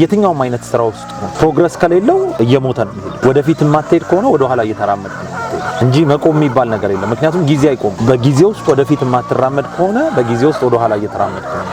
የትኛውም አይነት ስራ ውስጥ ፕሮግረስ ከሌለው እየሞተ ነው የሚሄድ። ወደፊት የማትሄድ ከሆነ ወደኋላ እየተራመድ ነው እንጂ መቆም የሚባል ነገር የለም። ምክንያቱም ጊዜ አይቆም። በጊዜ ውስጥ ወደፊት የማትራመድ ከሆነ በጊዜ ውስጥ ወደኋላ እየተራመድ ነው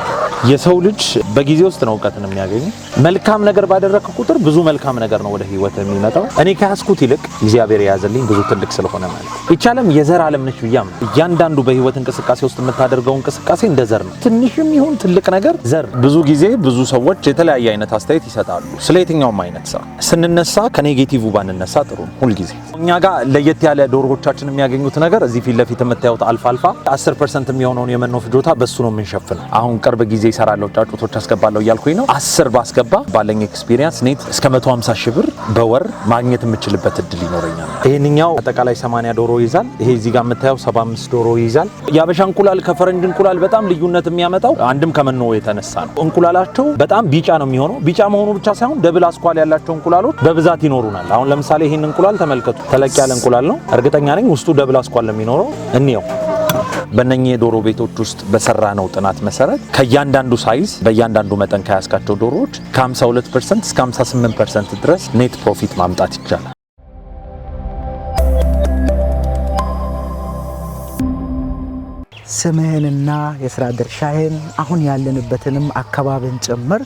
የሰው ልጅ በጊዜ ውስጥ ነው እውቀትን የሚያገኙ። መልካም ነገር ባደረክ ቁጥር ብዙ መልካም ነገር ነው ወደ ህይወት የሚመጣው። እኔ ከያዝኩት ይልቅ እግዚአብሔር የያዘልኝ ብዙ ትልቅ ስለሆነ ማለት ይቻለም የዘር ዓለም ነች ብያም። እያንዳንዱ በህይወት እንቅስቃሴ ውስጥ የምታደርገው እንቅስቃሴ እንደ ዘር ነው። ትንሽም ይሁን ትልቅ ነገር ዘር። ብዙ ጊዜ ብዙ ሰዎች የተለያየ አይነት አስተያየት ይሰጣሉ ስለ የትኛውም አይነት ስራ። ስንነሳ ከኔጌቲቭ ባንነሳ ጥሩ ነው። ሁልጊዜ እኛ ጋር ለየት ያለ ዶሮዎቻችን የሚያገኙት ነገር እዚህ ፊት ለፊት የምታዩት አልፋ አልፋ 10 ፐርሰንት የሚሆነውን የመኖ ፍጆታ በሱ ነው የምንሸፍነው። አሁን ቅርብ ጊዜ ይሰራለሁ፣ ጫጩቶች አስገባለሁ እያልኩኝ ነው። አስር ባስገባ ባለኝ ኤክስፒሪየንስ ኔት እስከ 150 ሺህ ብር በወር ማግኘት የምችልበት እድል ይኖረኛል። ይህንኛው አጠቃላይ 80 ዶሮ ይይዛል። ይሄ እዚህ ጋር የምታየው 75 ዶሮ ይይዛል። የአበሻ እንቁላል ከፈረንጅ እንቁላል በጣም ልዩነት የሚያመጣው አንድም ከመኖ የተነሳ ነው። እንቁላላቸው በጣም ቢጫ ነው የሚሆነው። ቢጫ መሆኑ ብቻ ሳይሆን ደብል አስኳል ያላቸው እንቁላሎች በብዛት ይኖሩናል። አሁን ለምሳሌ ይህን እንቁላል ተመልከቱ። ተለቅ ያለ እንቁላል ነው። እርግጠኛ ነኝ ውስጡ ደብል አስኳል ነው የሚኖረው። እንየው በነኚህ የዶሮ ቤቶች ውስጥ በሰራ ነው ጥናት መሰረት ከእያንዳንዱ ሳይዝ በእያንዳንዱ መጠን ከያዝካቸው ዶሮዎች ከ52 ፐርሰንት እስከ 58 ፐርሰንት ድረስ ኔት ፕሮፊት ማምጣት ይቻላል። ስምህንና የስራ ድርሻህን አሁን ያለንበትንም አካባቢን ጭምር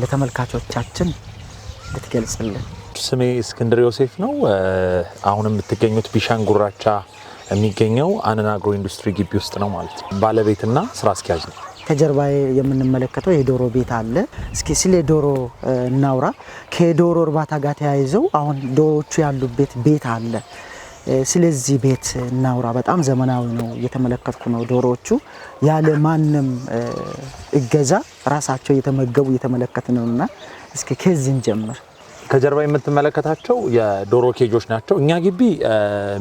ለተመልካቾቻችን ልትገልጽልን። ስሜ እስክንድር ዮሴፍ ነው። አሁን የምትገኙት ቢሻን ጉራቻ የሚገኘው አነን አግሮ ኢንዱስትሪ ግቢ ውስጥ ነው ማለት ነው። ባለቤትና ስራ አስኪያጅ ነው። ከጀርባ የምንመለከተው የዶሮ ቤት አለ። እስኪ ስለ ዶሮ እናውራ። ከዶሮ እርባታ ጋር ተያይዘው አሁን ዶሮዎቹ ያሉበት ቤት አለ። ስለዚህ ቤት እናውራ። በጣም ዘመናዊ ነው፣ እየተመለከትኩ ነው። ዶሮዎቹ ያለ ማንም እገዛ ራሳቸው እየተመገቡ እየተመለከት ነውና እስኪ ከዚህን ጀምር ከጀርባ የምትመለከታቸው የዶሮ ኬጆች ናቸው። እኛ ግቢ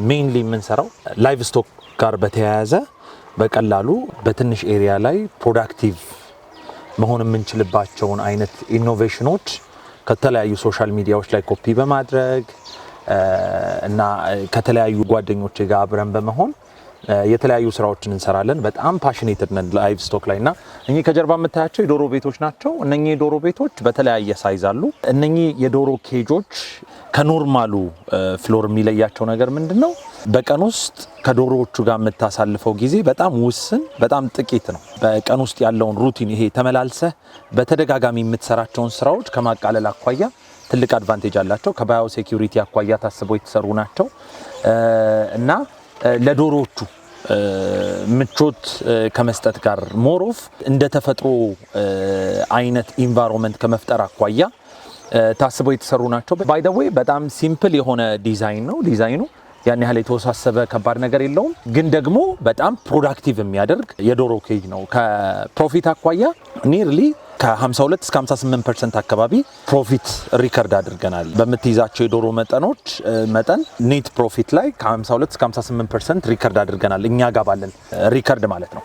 ሜይንሊ የምንሰራው ላይቭ ስቶክ ጋር በተያያዘ በቀላሉ በትንሽ ኤሪያ ላይ ፕሮዳክቲቭ መሆን የምንችልባቸውን አይነት ኢኖቬሽኖች ከተለያዩ ሶሻል ሚዲያዎች ላይ ኮፒ በማድረግ እና ከተለያዩ ጓደኞች ጋር አብረን በመሆን የተለያዩ ስራዎችን እንሰራለን። በጣም ፓሽኔትድ ነን ላይቭ ስቶክ ላይ እና እኚህ ከጀርባ የምታያቸው የዶሮ ቤቶች ናቸው። እነኚህ የዶሮ ቤቶች በተለያየ ሳይዝ አሉ። እነኚህ የዶሮ ኬጆች ከኖርማሉ ፍሎር የሚለያቸው ነገር ምንድን ነው? በቀን ውስጥ ከዶሮዎቹ ጋር የምታሳልፈው ጊዜ በጣም ውስን፣ በጣም ጥቂት ነው። በቀን ውስጥ ያለውን ሩቲን ይሄ ተመላልሰህ በተደጋጋሚ የምትሰራቸውን ስራዎች ከማቃለል አኳያ ትልቅ አድቫንቴጅ አላቸው። ከባዮ ሴኪሪቲ አኳያ ታስበው የተሰሩ ናቸው እና ለዶሮዎቹ ምቾት ከመስጠት ጋር ሞሮፍ እንደ ተፈጥሮ አይነት ኢንቫይሮንመንት ከመፍጠር አኳያ ታስበው የተሰሩ ናቸው። ባይ ዘ ዌይ በጣም ሲምፕል የሆነ ዲዛይን ነው። ዲዛይኑ ያን ያህል የተወሳሰበ ከባድ ነገር የለውም፣ ግን ደግሞ በጣም ፕሮዳክቲቭ የሚያደርግ የዶሮ ኬጅ ነው። ከፕሮፊት አኳያ ኒርሊ ከ52 እስከ 58 ፐርሰንት አካባቢ ፕሮፊት ሪከርድ አድርገናል። በምትይዛቸው የዶሮ መጠኖች መጠን ኔት ፕሮፊት ላይ ከ52 እስከ 58 ፐርሰንት ሪከርድ አድርገናል። እኛ ጋር ባለን ሪከርድ ማለት ነው።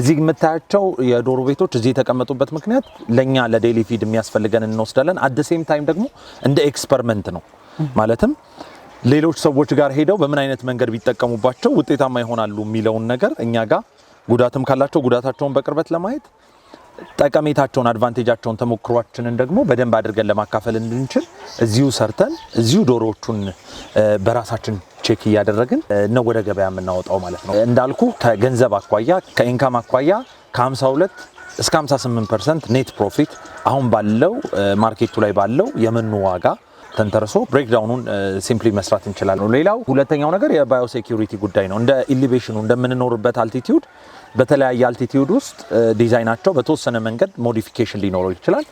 እዚህ የምታያቸው የዶሮ ቤቶች እዚህ የተቀመጡበት ምክንያት ለእኛ ለዴሊ ፊድ የሚያስፈልገን እንወስዳለን። አደሴም ታይም ደግሞ እንደ ኤክስፐሪመንት ነው ማለትም ሌሎች ሰዎች ጋር ሄደው በምን አይነት መንገድ ቢጠቀሙባቸው ውጤታማ ይሆናሉ የሚለውን ነገር እኛ ጋር ጉዳትም ካላቸው ጉዳታቸውን በቅርበት ለማየት ጠቀሜታቸውን፣ አድቫንቴጃቸውን፣ ተሞክሯችንን ደግሞ በደንብ አድርገን ለማካፈል እንድንችል እዚሁ ሰርተን እዚሁ ዶሮዎቹን በራሳችን ቼክ እያደረግን ነው ወደ ገበያ የምናወጣው ማለት ነው። እንዳልኩ ከገንዘብ አኳያ ከኢንካም አኳያ ከ52 እስከ 58 ፐርሰንት ኔት ፕሮፊት አሁን ባለው ማርኬቱ ላይ ባለው የመኖ ዋጋ ተንተርሶ ብሬክዳውኑን ሲምፕሊ uh, መስራት እንችላለን። ሌላው ሁለተኛው ነገር የባዮ ሴኪሪቲ ጉዳይ ነው። እንደ ኢሊቬሽኑ እንደምንኖርበት አልቲቲዩድ በተለያየ አልቲቲዩድ ውስጥ ዲዛይናቸው uh, በተወሰነ መንገድ ሞዲፊኬሽን ሊኖረው ይችላል።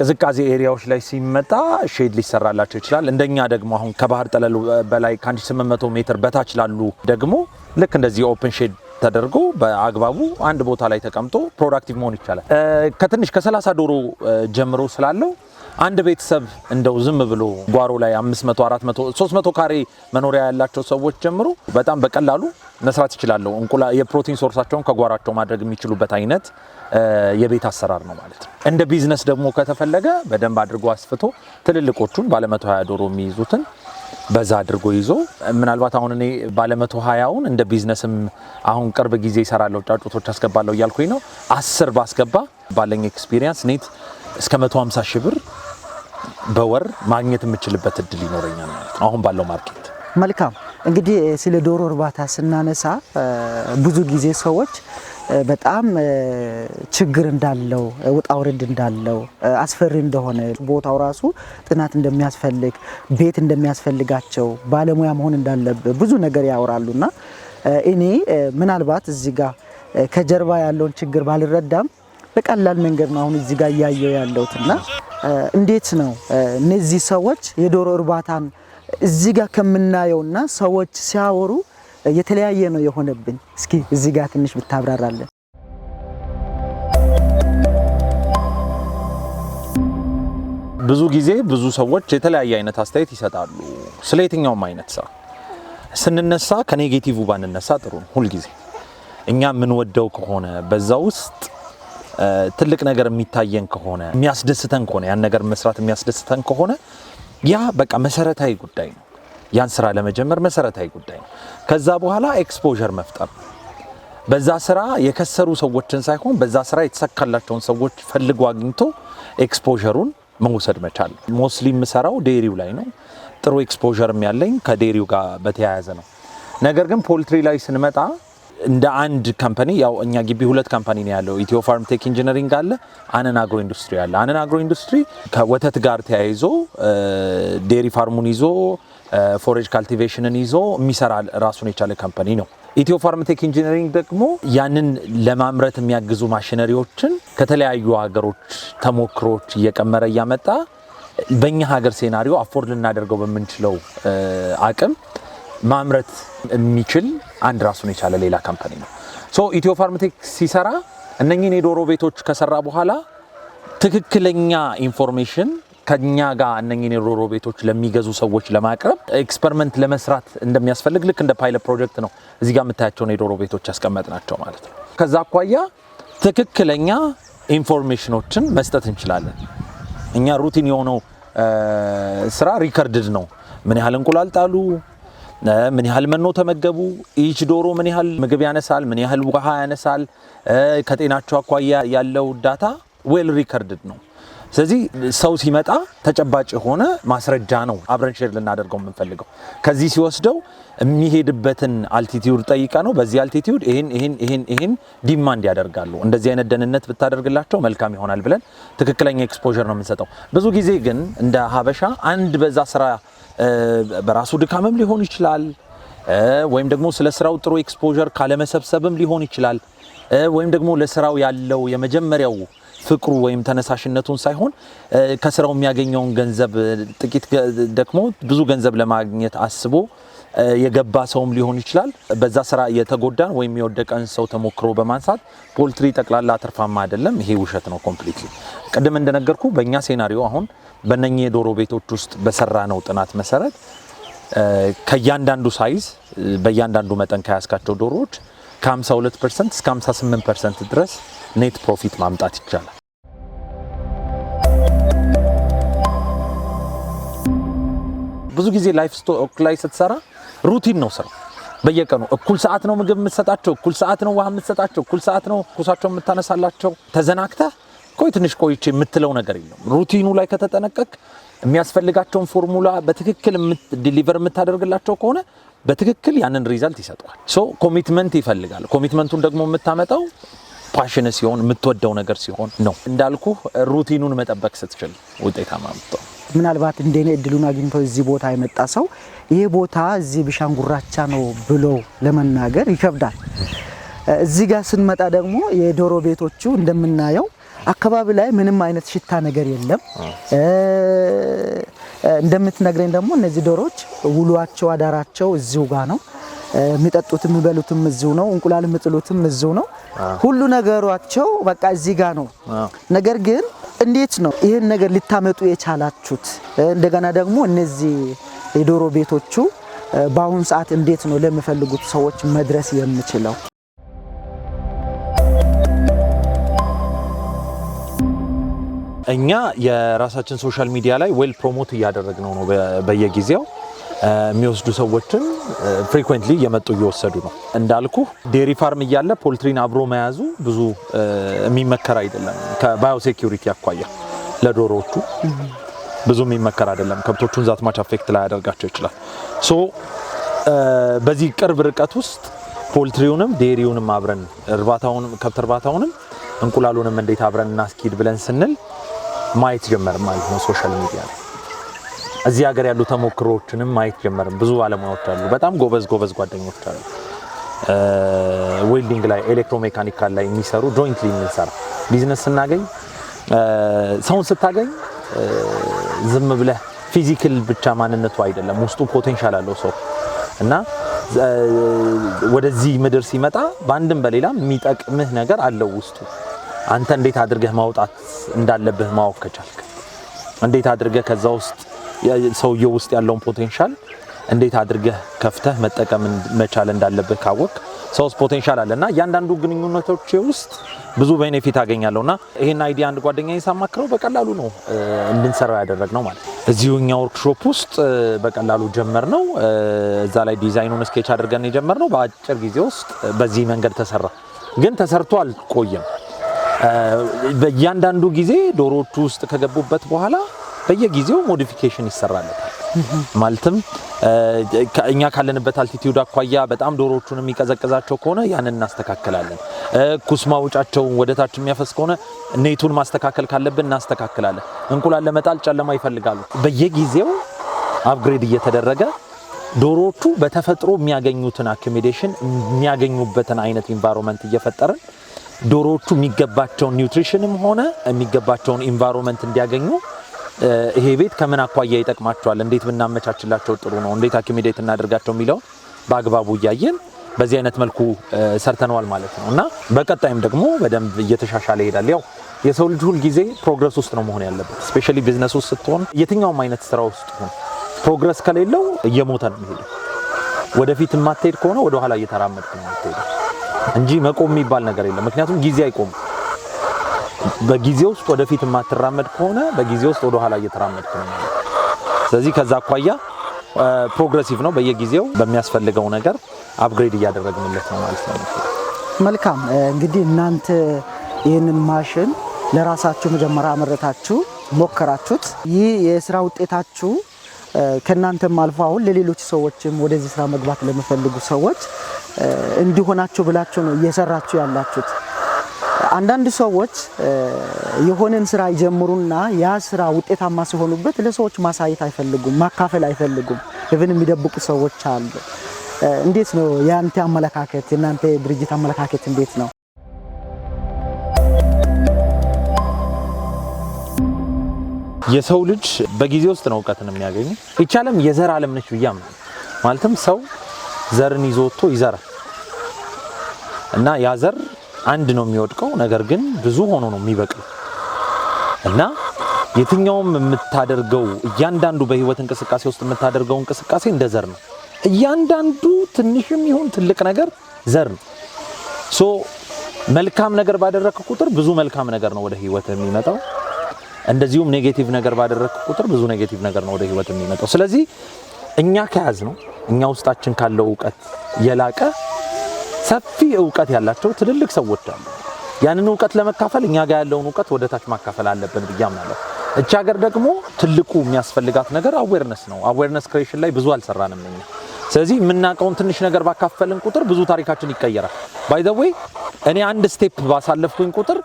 ቅዝቃዜ ኤሪያዎች ላይ ሲመጣ ሼድ ሊሰራላቸው ይችላል። እንደኛ ደግሞ አሁን ከባህር ጠለሉ uh, በላይ ከ1800 ሜትር በታች ላሉ ደግሞ ልክ እንደዚህ ኦፕን ሼድ ተደርጎ በአግባቡ አንድ ቦታ ላይ ተቀምጦ ፕሮዳክቲቭ መሆን ይቻላል። ከትንሽ ከ30 ዶሮ ጀምሮ ስላለው አንድ ቤተሰብ እንደው ዝም ብሎ ጓሮ ላይ 500፣ 400፣ 300 ካሬ መኖሪያ ያላቸው ሰዎች ጀምሮ በጣም በቀላሉ መስራት ይችላሉ። እንቁላ የፕሮቲን ሶርሳቸውን ከጓሯቸው ማድረግ የሚችሉበት አይነት የቤት አሰራር ነው ማለት ነው። እንደ ቢዝነስ ደግሞ ከተፈለገ በደንብ አድርጎ አስፍቶ ትልልቆቹን ባለ 120 ዶሮ የሚይዙትን በዛ አድርጎ ይዞ ምናልባት አሁን እኔ ባለ 120ውን እንደ ቢዝነስም አሁን ቅርብ ጊዜ ይሰራለሁ ጫጩቶች አስገባለሁ እያልኩኝ ነው። አስር ባስገባ ባለኝ ኤክስፒሪየንስ ኔት እስከ 150 ሺህ ብር በወር ማግኘት የምችልበት እድል ይኖረኛል ማለት ነው አሁን ባለው ማርኬት። መልካም እንግዲህ ስለ ዶሮ እርባታ ስናነሳ ብዙ ጊዜ ሰዎች በጣም ችግር እንዳለው ውጣ ውረድ እንዳለው አስፈሪ እንደሆነ ቦታው ራሱ ጥናት እንደሚያስፈልግ ቤት እንደሚያስፈልጋቸው ባለሙያ መሆን እንዳለብህ ብዙ ነገር ያወራሉና እኔ ምናልባት እዚህ ጋር ከጀርባ ያለውን ችግር ባልረዳም በቀላል መንገድ ነው አሁን እዚህ ጋር እያየው ያለውትና። እንዴት ነው እነዚህ ሰዎች የዶሮ እርባታን እዚህ ጋር ከምናየውና ሰዎች ሲያወሩ የተለያየ ነው የሆነብን? እስኪ እዚህ ጋር ትንሽ ብታብራራለን። ብዙ ጊዜ ብዙ ሰዎች የተለያየ አይነት አስተያየት ይሰጣሉ ስለ የትኛውም አይነት ስራ ስንነሳ ከኔጌቲቭ ባንነሳ ጥሩ ነው። ሁልጊዜ እኛ የምንወደው ከሆነ በዛ ውስጥ ትልቅ ነገር የሚታየን ከሆነ የሚያስደስተን ከሆነ ያን ነገር መስራት የሚያስደስተን ከሆነ ያ በቃ መሰረታዊ ጉዳይ ነው። ያን ስራ ለመጀመር መሰረታዊ ጉዳይ ነው። ከዛ በኋላ ኤክስፖዠር መፍጠር በዛ ስራ የከሰሩ ሰዎችን ሳይሆን በዛ ስራ የተሳካላቸውን ሰዎች ፈልጎ አግኝቶ ኤክስፖዠሩን መውሰድ መቻል። ሞስሊ የምሰራው ዴሪው ላይ ነው። ጥሩ ኤክስፖዠርም ያለኝ ከዴሪው ጋር በተያያዘ ነው። ነገር ግን ፖልትሪ ላይ ስንመጣ እንደ አንድ ካምፓኒ ያው እኛ ግቢ ሁለት ካምፓኒ ነው ያለው። ኢትዮ ፋርም ቴክ ኢንጂነሪንግ አለ፣ አነን አግሮ ኢንዱስትሪ አለ። አነን አግሮ ኢንዱስትሪ ከወተት ጋር ተያይዞ ዴሪ ፋርሙን ይዞ ፎሬጅ ካልቲቬሽንን ይዞ የሚሰራ ራሱን የቻለ ካምፓኒ ነው። ኢትዮ ፋርም ቴክ ኢንጂነሪንግ ደግሞ ያንን ለማምረት የሚያግዙ ማሽነሪዎችን ከተለያዩ ሀገሮች ተሞክሮች እየቀመረ እያመጣ በእኛ ሀገር ሴናሪዮ አፎርድ ልናደርገው በምንችለው አቅም ማምረት የሚችል አንድ ራሱን የቻለ ሌላ ካምፓኒ ነው። ሶ ኢትዮ ፋርምቴክ ሲሰራ እነኚህን የዶሮ ቤቶች ከሰራ በኋላ ትክክለኛ ኢንፎርሜሽን ከኛ ጋር እነኚህን የዶሮ ቤቶች ለሚገዙ ሰዎች ለማቅረብ ኤክስፐሪመንት ለመስራት እንደሚያስፈልግ ልክ እንደ ፓይለት ፕሮጀክት ነው እዚህ ጋር የምታያቸውን የዶሮ ቤቶች ያስቀመጥ ናቸው ማለት ነው። ከዛ አኳያ ትክክለኛ ኢንፎርሜሽኖችን መስጠት እንችላለን። እኛ ሩቲን የሆነው ስራ ሪከርድድ ነው። ምን ያህል እንቁላል ጣሉ ምን ያህል መኖ ተመገቡ፣ ኢች ዶሮ ምን ያህል ምግብ ያነሳል፣ ምን ያህል ውሃ ያነሳል፣ ከጤናቸው አኳያ ያለው ዳታ ዌል ሪከርድድ ነው። ስለዚህ ሰው ሲመጣ ተጨባጭ የሆነ ማስረጃ ነው አብረን ሼር ልናደርገው የምንፈልገው። ከዚህ ሲወስደው የሚሄድበትን አልቲቲዩድ ጠይቀ ነው በዚህ አልቲቲዩድ ይህን ይህን ይህን ይህን ዲማንድ ያደርጋሉ፣ እንደዚህ አይነት ደህንነት ብታደርግላቸው መልካም ይሆናል ብለን ትክክለኛ ኤክስፖዠር ነው የምንሰጠው። ብዙ ጊዜ ግን እንደ ሀበሻ አንድ በዛ ስራ በራሱ ድካምም ሊሆን ይችላል ወይም ደግሞ ስለ ስራው ጥሩ ኤክስፖዠር ካለመሰብሰብም ሊሆን ይችላል ወይም ደግሞ ለስራው ያለው የመጀመሪያው ፍቅሩ ወይም ተነሳሽነቱን ሳይሆን ከስራው የሚያገኘውን ገንዘብ ጥቂት ደግሞ ብዙ ገንዘብ ለማግኘት አስቦ የገባ ሰውም ሊሆን ይችላል። በዛ ስራ የተጎዳን ወይም የወደቀን ሰው ተሞክሮ በማንሳት ፖልትሪ ጠቅላላ ትርፋማ አይደለም። ይሄ ውሸት ነው ኮምፕሊትሊ። ቅድም እንደነገርኩ በእኛ ሴናሪዮ አሁን በነኚ የዶሮ ቤቶች ውስጥ በሰራ ነው ጥናት መሰረት ከእያንዳንዱ ሳይዝ በእያንዳንዱ መጠን ከያዝካቸው ዶሮዎች ከ52 ፐርሰንት እስከ 58 ፐርሰንት ድረስ ኔት ፕሮፊት ማምጣት ይቻላል። ብዙ ጊዜ ላይፍ ስቶክ ላይ ስትሰራ ሩቲን ነው ስራው። በየቀኑ እኩል ሰዓት ነው ምግብ የምትሰጣቸው፣ እኩል ሰዓት ነው ውሃ የምትሰጣቸው፣ እኩል ሰዓት ነው ኩሳቸው የምታነሳላቸው። ተዘናግተህ ቆይ ትንሽ ቆይቼ የምትለው ነገር የለም። ሩቲኑ ላይ ከተጠነቀቅ የሚያስፈልጋቸውን ፎርሙላ በትክክል ዲሊቨር የምታደርግላቸው ከሆነ በትክክል ያንን ሪዛልት ይሰጠዋል። ሶ ኮሚትመንት ይፈልጋል። ኮሚትመንቱን ደግሞ የምታመጣው ፓሽን ሲሆን የምትወደው ነገር ሲሆን ነው። እንዳልኩ ሩቲኑን መጠበቅ ስትችል ውጤታማ ምናልባት እንደኔ እድሉን አግኝቶ እዚህ ቦታ የመጣ ሰው ይህ ቦታ እዚህ ጉራቻ ነው ብሎ ለመናገር ይከብዳል። እዚህ ጋር ስንመጣ ደግሞ የዶሮ ቤቶቹ እንደምናየው አካባቢ ላይ ምንም አይነት ሽታ ነገር የለም። እንደምትነግረኝ ደግሞ እነዚህ ዶሮዎች ውሏቸው አዳራቸው እዚሁ ጋር ነው። የሚጠጡትም የሚበሉትም እዚሁ ነው። እንቁላል የሚጥሉትም እዚሁ ነው። ሁሉ ነገሯቸው በቃ እዚህ ጋር ነው። ነገር ግን እንዴት ነው ይህን ነገር ልታመጡ የቻላችሁት? እንደገና ደግሞ እነዚህ የዶሮ ቤቶቹ በአሁኑ ሰዓት እንዴት ነው ለሚፈልጉት ሰዎች መድረስ የምችለው? እኛ የራሳችን ሶሻል ሚዲያ ላይ ዌል ፕሮሞት እያደረግነው ነው በየጊዜው የሚወስዱ ሰዎችን ፍሪኩዌንትሊ እየመጡ እየወሰዱ ነው። እንዳልኩ ዴሪ ፋርም እያለ ፖልትሪን አብሮ መያዙ ብዙ የሚመከር አይደለም። ከባዮሴኪሪቲ አኳያ ለዶሮዎቹ ብዙ የሚመከር አይደለም። ከብቶቹን ማች አፌክት ላይ ያደርጋቸው ይችላል። ሶ በዚህ ቅርብ ርቀት ውስጥ ፖልትሪውንም ዴሪውንም አብረን እርባታውንም ከብት እርባታውንም እንቁላሉንም እንዴት አብረን እናስኪድ ብለን ስንል ማየት ጀመር ማለት ነው ሶሻል ሚዲያ ነው። እዚህ ሀገር ያሉ ተሞክሮዎችንም ማየት ጀመርን። ብዙ ባለሙያዎች አሉ፣ በጣም ጎበዝ ጎበዝ ጓደኞች አሉ። ዌልዲንግ ላይ ኤሌክትሮሜካኒካል ላይ የሚሰሩ ጆይንትሊ የምንሰራ ቢዝነስ ስናገኝ ሰውን ስታገኝ ዝም ብለህ ፊዚክል ብቻ ማንነቱ አይደለም፣ ውስጡ ፖቴንሻል አለው ሰው እና ወደዚህ ምድር ሲመጣ በአንድም በሌላም የሚጠቅምህ ነገር አለው ውስጡ። አንተ እንዴት አድርገህ ማውጣት እንዳለብህ ማወቅ ከቻልክ፣ እንዴት አድርገህ ከዛ ውስጥ ሰውየው ውስጥ ያለውን ፖቴንሻል እንዴት አድርገህ ከፍተህ መጠቀም መቻል እንዳለብህ ካወቅ ሰውስ ፖቴንሻል አለ እና እያንዳንዱ ግንኙነቶች ውስጥ ብዙ ቤኔፊት አገኛለሁ እና ይህን አይዲያ አንድ ጓደኛ ሳማክረው በቀላሉ ነው እንድንሰራው ያደረግ ነው ማለት እዚሁ እኛ ወርክሾፕ ውስጥ በቀላሉ ጀመር ነው። እዛ ላይ ዲዛይኑን ስኬች አድርገን የጀመር ነው። በአጭር ጊዜ ውስጥ በዚህ መንገድ ተሰራ። ግን ተሰርቶ አልቆየም። በእያንዳንዱ ጊዜ ዶሮዎቹ ውስጥ ከገቡበት በኋላ በየጊዜው ሞዲፊኬሽን ይሰራለታል። ማለትም እኛ ካለንበት አልቲቲዩድ አኳያ በጣም ዶሮዎቹን የሚቀዘቅዛቸው ከሆነ ያንን እናስተካክላለን። ኩስ ማውጫቸውን ወደታች የሚያፈስ ከሆነ ኔቱን ማስተካከል ካለብን እናስተካክላለን። እንቁላል ለመጣል ጨለማ ይፈልጋሉ። በየጊዜው አፕግሬድ እየተደረገ ዶሮዎቹ በተፈጥሮ የሚያገኙትን አኮሚዴሽን የሚያገኙበትን አይነት ኢንቫይሮንመንት እየፈጠርን ዶሮዎቹ የሚገባቸውን ኒውትሪሽንም ሆነ የሚገባቸውን ኢንቫይሮንመንት እንዲያገኙ ይሄ ቤት ከምን አኳያ ይጠቅማቸዋል፣ እንዴት ብናመቻችላቸው ጥሩ ነው፣ እንዴት አኪሚዴት እናደርጋቸው የሚለውን በአግባቡ እያየን በዚህ አይነት መልኩ ሰርተነዋል ማለት ነው እና በቀጣይም ደግሞ በደንብ እየተሻሻለ ይሄዳል። ያው የሰው ልጅ ሁል ጊዜ ፕሮግረስ ውስጥ ነው መሆን ያለበት። ስፔሻሊ ቢዝነስ ውስጥ ስትሆን፣ የትኛውም አይነት ስራ ውስጥ ሆን ፕሮግረስ ከሌለው እየሞተ ነው የሚሄደው። ወደፊት የማትሄድ ከሆነ ወደኋላ እየተራመድክ ነው የምትሄደው እንጂ መቆም የሚባል ነገር የለም። ምክንያቱም ጊዜ አይቆምም። በጊዜ ውስጥ ወደፊት የማትራመድ ከሆነ በጊዜ ውስጥ ወደኋላ እየተራመድክ ነው። ስለዚህ ከዛ አኳያ ፕሮግረሲቭ ነው። በየጊዜው በሚያስፈልገው ነገር አፕግሬድ እያደረግንለት ነው ማለት ነው። መልካም እንግዲህ እናንተ ይህንን ማሽን ለራሳችሁ መጀመሪያ አመረታችሁ፣ ሞከራችሁት። ይህ የስራ ውጤታችሁ ከእናንተም አልፎ አሁን ለሌሎች ሰዎችም ወደዚህ ስራ መግባት ለሚፈልጉ ሰዎች እንዲሆናችሁ ብላችሁ ነው እየሰራችሁ ያላችሁት። አንዳንድ ሰዎች የሆነን ስራ ይጀምሩና ያ ስራ ውጤታማ ሲሆኑበት ለሰዎች ማሳየት አይፈልጉም፣ ማካፈል አይፈልጉም። ኢቭን የሚደብቁ ሰዎች አሉ። እንዴት ነው የአንተ አመለካከት? የእናንተ ድርጅት አመለካከት እንዴት ነው? የሰው ልጅ በጊዜ ውስጥ ነው እውቀትን የሚያገኘው። ይቻለም የዘር ዓለም ነች ብዬ ማለትም ሰው ዘርን ይዞ ወጥቶ ይዘራል እና ያ ዘር አንድ ነው የሚወድቀው፣ ነገር ግን ብዙ ሆኖ ነው የሚበቅለው እና የትኛውም የምታደርገው እያንዳንዱ በህይወት እንቅስቃሴ ውስጥ የምታደርገው እንቅስቃሴ እንደ ዘር ነው። እያንዳንዱ ትንሽም ይሁን ትልቅ ነገር ዘር ነው። ሶ መልካም ነገር ባደረክ ቁጥር ብዙ መልካም ነገር ነው ወደ ህይወት የሚመጣው። እንደዚሁም ኔጌቲቭ ነገር ባደረክ ቁጥር ብዙ ኔጌቲቭ ነገር ነው ወደ ህይወት የሚመጣው። ስለዚህ እኛ ከያዝ ነው እኛ ውስጣችን ካለው እውቀት የላቀ ሰፊ እውቀት ያላቸው ትልልቅ ሰዎች አሉ። ያንን እውቀት ለመካፈል እኛ ጋር ያለውን እውቀት ወደ ታች ማካፈል አለብን ብዬ አምናለሁ። እቺ ሀገር ደግሞ ትልቁ የሚያስፈልጋት ነገር አዌርነስ ነው። አዌርነስ ክሬሽን ላይ ብዙ አልሰራንም እኛ። ስለዚህ የምናውቀውን ትንሽ ነገር ባካፈልን ቁጥር ብዙ ታሪካችን ይቀየራል። ባይ ዘ ዌይ እኔ አንድ ስቴፕ ባሳለፍኩኝ ቁጥር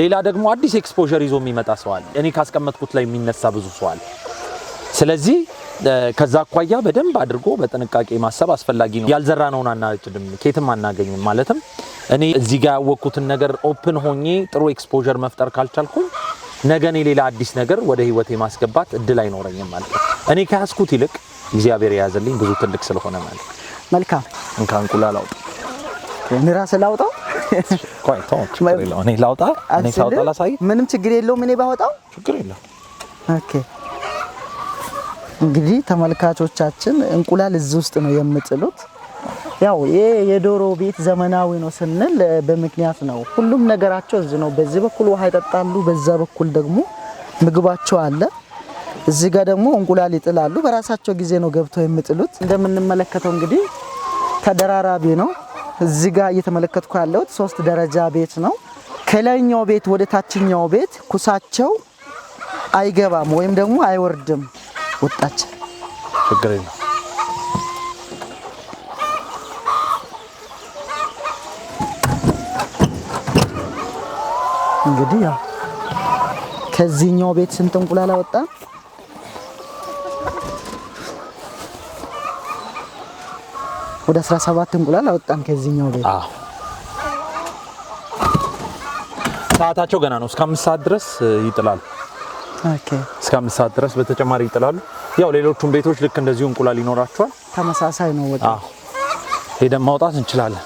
ሌላ ደግሞ አዲስ ኤክስፖዠር ይዞ የሚመጣ ሰዋል። እኔ ካስቀመጥኩት ላይ የሚነሳ ብዙ ሰዋል። ስለዚህ ከዛ አኳያ በደንብ አድርጎ በጥንቃቄ ማሰብ አስፈላጊ ነው። ያልዘራነውን አናጭድም፣ ኬትም አናገኝም። ማለትም እኔ እዚህ ጋር ያወቅኩትን ነገር ኦፕን ሆኜ ጥሩ ኤክስፖዠር መፍጠር ካልቻልኩኝ ነገ እኔ ሌላ አዲስ ነገር ወደ ህይወቴ ማስገባት እድል አይኖረኝም ማለት ነው። እኔ ከያዝኩት ይልቅ እግዚአብሔር የያዘልኝ ብዙ ትልቅ ስለሆነ ማለት መልካም። እንካ እንቁላል አውጣ፣ ራስህ ላውጣው። ቆይ ተው፣ ችግር የለውም። እኔ ላውጣ፣ እኔ ሳውጣ ላሳይ፣ ምንም ችግር የለውም። እኔ ባወጣው ችግር የለውም። ኦኬ እንግዲህ ተመልካቾቻችን እንቁላል እዚህ ውስጥ ነው የምጥሉት። ያው ይሄ የዶሮ ቤት ዘመናዊ ነው ስንል በምክንያት ነው። ሁሉም ነገራቸው እዚህ ነው። በዚህ በኩል ውሃ ይጠጣሉ፣ በዛ በኩል ደግሞ ምግባቸው አለ። እዚህ ጋር ደግሞ እንቁላል ይጥላሉ። በራሳቸው ጊዜ ነው ገብተው የምጥሉት እንደምንመለከተው እንግዲህ ተደራራቢ ነው። እዚህ ጋር እየተመለከትኩ ያለሁት ሶስት ደረጃ ቤት ነው። ከላይኛው ቤት ወደ ታችኛው ቤት ኩሳቸው አይገባም ወይም ደግሞ አይወርድም። ወጣች። ችግር ነው። እንግዲህ ያው ከዚህኛው ቤት ስንት እንቁላል አወጣ? ወደ 17 እንቁላል አወጣን ከዚህኛው ቤት። አዎ ሰዓታቸው ገና ነው። እስከ አምስት ሰዓት ድረስ ይጥላል። ኦኬ እስከ አምስት ሰዓት ድረስ በተጨማሪ ይጥላሉ። ያው ሌሎቹም ቤቶች ልክ እንደዚሁ እንቁላል ይኖራቸዋል። ተመሳሳይ ነው። ወጣ ሄደን ማውጣት እንችላለን።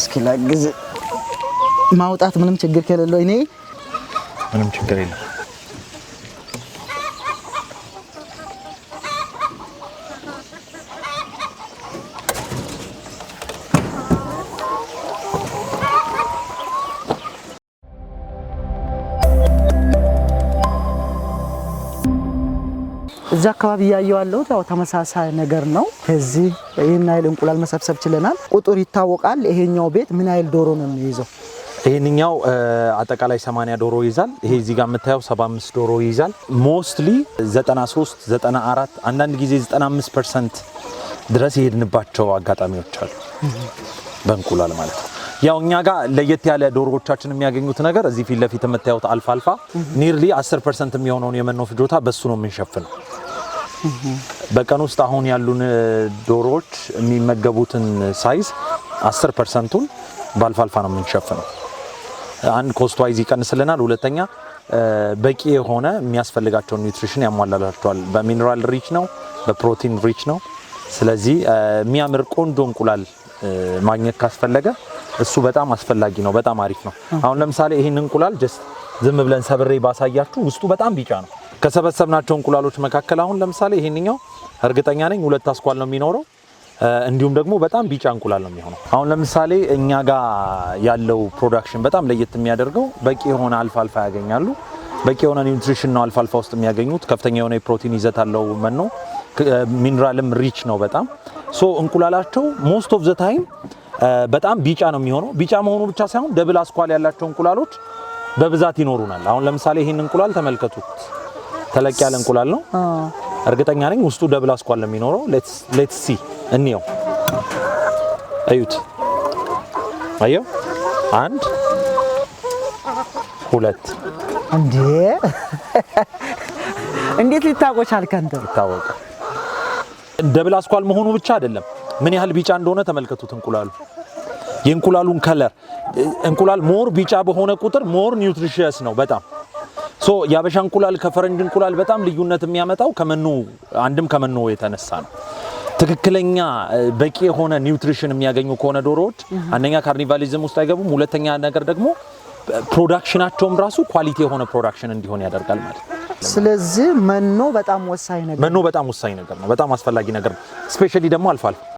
እስኪ ላግዝ። ማውጣት ምንም ችግር ከሌለው እኔ ምንም ችግር የለም። እዛ አካባቢ እያየሁ ያለሁት ያው ተመሳሳይ ነገር ነው። ከዚህ ይህን ያህል እንቁላል መሰብሰብ ችለናል። ቁጥር ይታወቃል። ይሄኛው ቤት ምን ያህል ዶሮ ነው የሚይዘው? ይህንኛው አጠቃላይ 80 ዶሮ ይይዛል። ይሄ እዚህ ጋር የምታየው 75 ዶሮ ይይዛል። ሞስትሊ 93፣ 94 አንዳንድ ጊዜ 95 ፐርሰንት ድረስ የሄድንባቸው አጋጣሚዎች አሉ፣ በእንቁላል ማለት ነው። ያው እኛ ጋር ለየት ያለ ዶሮዎቻችን የሚያገኙት ነገር እዚህ ፊት ለፊት የምታዩት አልፋ አልፋ ኒርሊ 10 ፐርሰንት የሚሆነውን የመኖ ፍጆታ በሱ ነው የምንሸፍነው። በቀን ውስጥ አሁን ያሉን ዶሮዎች የሚመገቡትን ሳይዝ 10 ፐርሰንቱን ባልፋልፋ ነው የምንሸፍነው። አንድ ኮስት ዋይዝ ይቀንስልናል። ሁለተኛ በቂ የሆነ የሚያስፈልጋቸውን ኒውትሪሽን ያሟላላቸዋል። በሚኔራል ሪች ነው፣ በፕሮቲን ሪች ነው። ስለዚህ የሚያምር ቆንጆ እንቁላል ማግኘት ካስፈለገ እሱ በጣም አስፈላጊ ነው። በጣም አሪፍ ነው። አሁን ለምሳሌ ይህን እንቁላል ጀስት ዝም ብለን ሰብሬ ባሳያችሁ ውስጡ በጣም ቢጫ ነው። ከሰበሰብናቸው እንቁላሎች መካከል አሁን ለምሳሌ ይሄንኛው እርግጠኛ ነኝ ሁለት አስኳል ነው የሚኖረው። እንዲሁም ደግሞ በጣም ቢጫ እንቁላል ነው የሚሆነው። አሁን ለምሳሌ እኛ ጋር ያለው ፕሮዳክሽን በጣም ለየት የሚያደርገው በቂ የሆነ አልፋ ያገኛሉ። በቂ የሆነ ኒውትሪሽን ነው አልፋ ውስጥ የሚያገኙት። ከፍተኛ የሆነ የፕሮቲን ይዘት አለው መኖ፣ ሚኒራልም ሪች ነው በጣም ሶ እንቁላላቸው ሞስት ኦፍ ዘ ታይም በጣም ቢጫ ነው የሚሆነው። ቢጫ መሆኑ ብቻ ሳይሆን ደብል አስኳል ያላቸው እንቁላሎች በብዛት ይኖሩናል። አሁን ለምሳሌ ይህን እንቁላል ተመልከቱት። ተለቅ ያለ እንቁላል ነው። እርግጠኛ ነኝ ውስጡ ደብል አስኳል የሚኖረው። ሌትስ ሲ እንየው። እዩት። አየው። አንድ ሁለት። እንዴ እንዴት ሊታወቅ አልከንተ ሊታወቅ ደብል አስኳል መሆኑ ብቻ አይደለም፣ ምን ያህል ቢጫ እንደሆነ ተመልከቱት። እንቁላሉ የእንቁላሉን ከለር እንቁላል ሞር ቢጫ በሆነ ቁጥር ሞር ኒውትሪሽየስ ነው በጣም ሶ የአበሻ እንቁላል ከፈረንጅ እንቁላል በጣም ልዩነት የሚያመጣው ከመኖ አንድም ከመኖ የተነሳ ነው። ትክክለኛ በቂ የሆነ ኒውትሪሽን የሚያገኙ ከሆነ ዶሮዎች አንደኛ ካርኒቫሊዝም ውስጥ አይገቡም፣ ሁለተኛ ነገር ደግሞ ፕሮዳክሽናቸውም ራሱ ኳሊቲ የሆነ ፕሮዳክሽን እንዲሆን ያደርጋል ማለት ነው። ስለዚህ መኖ በጣም ወሳኝ ነገር መኖ በጣም ወሳኝ ነገር ነው። በጣም አስፈላጊ ነገር ነው። ስፔሻሊ ደግሞ አልፎ አልፎ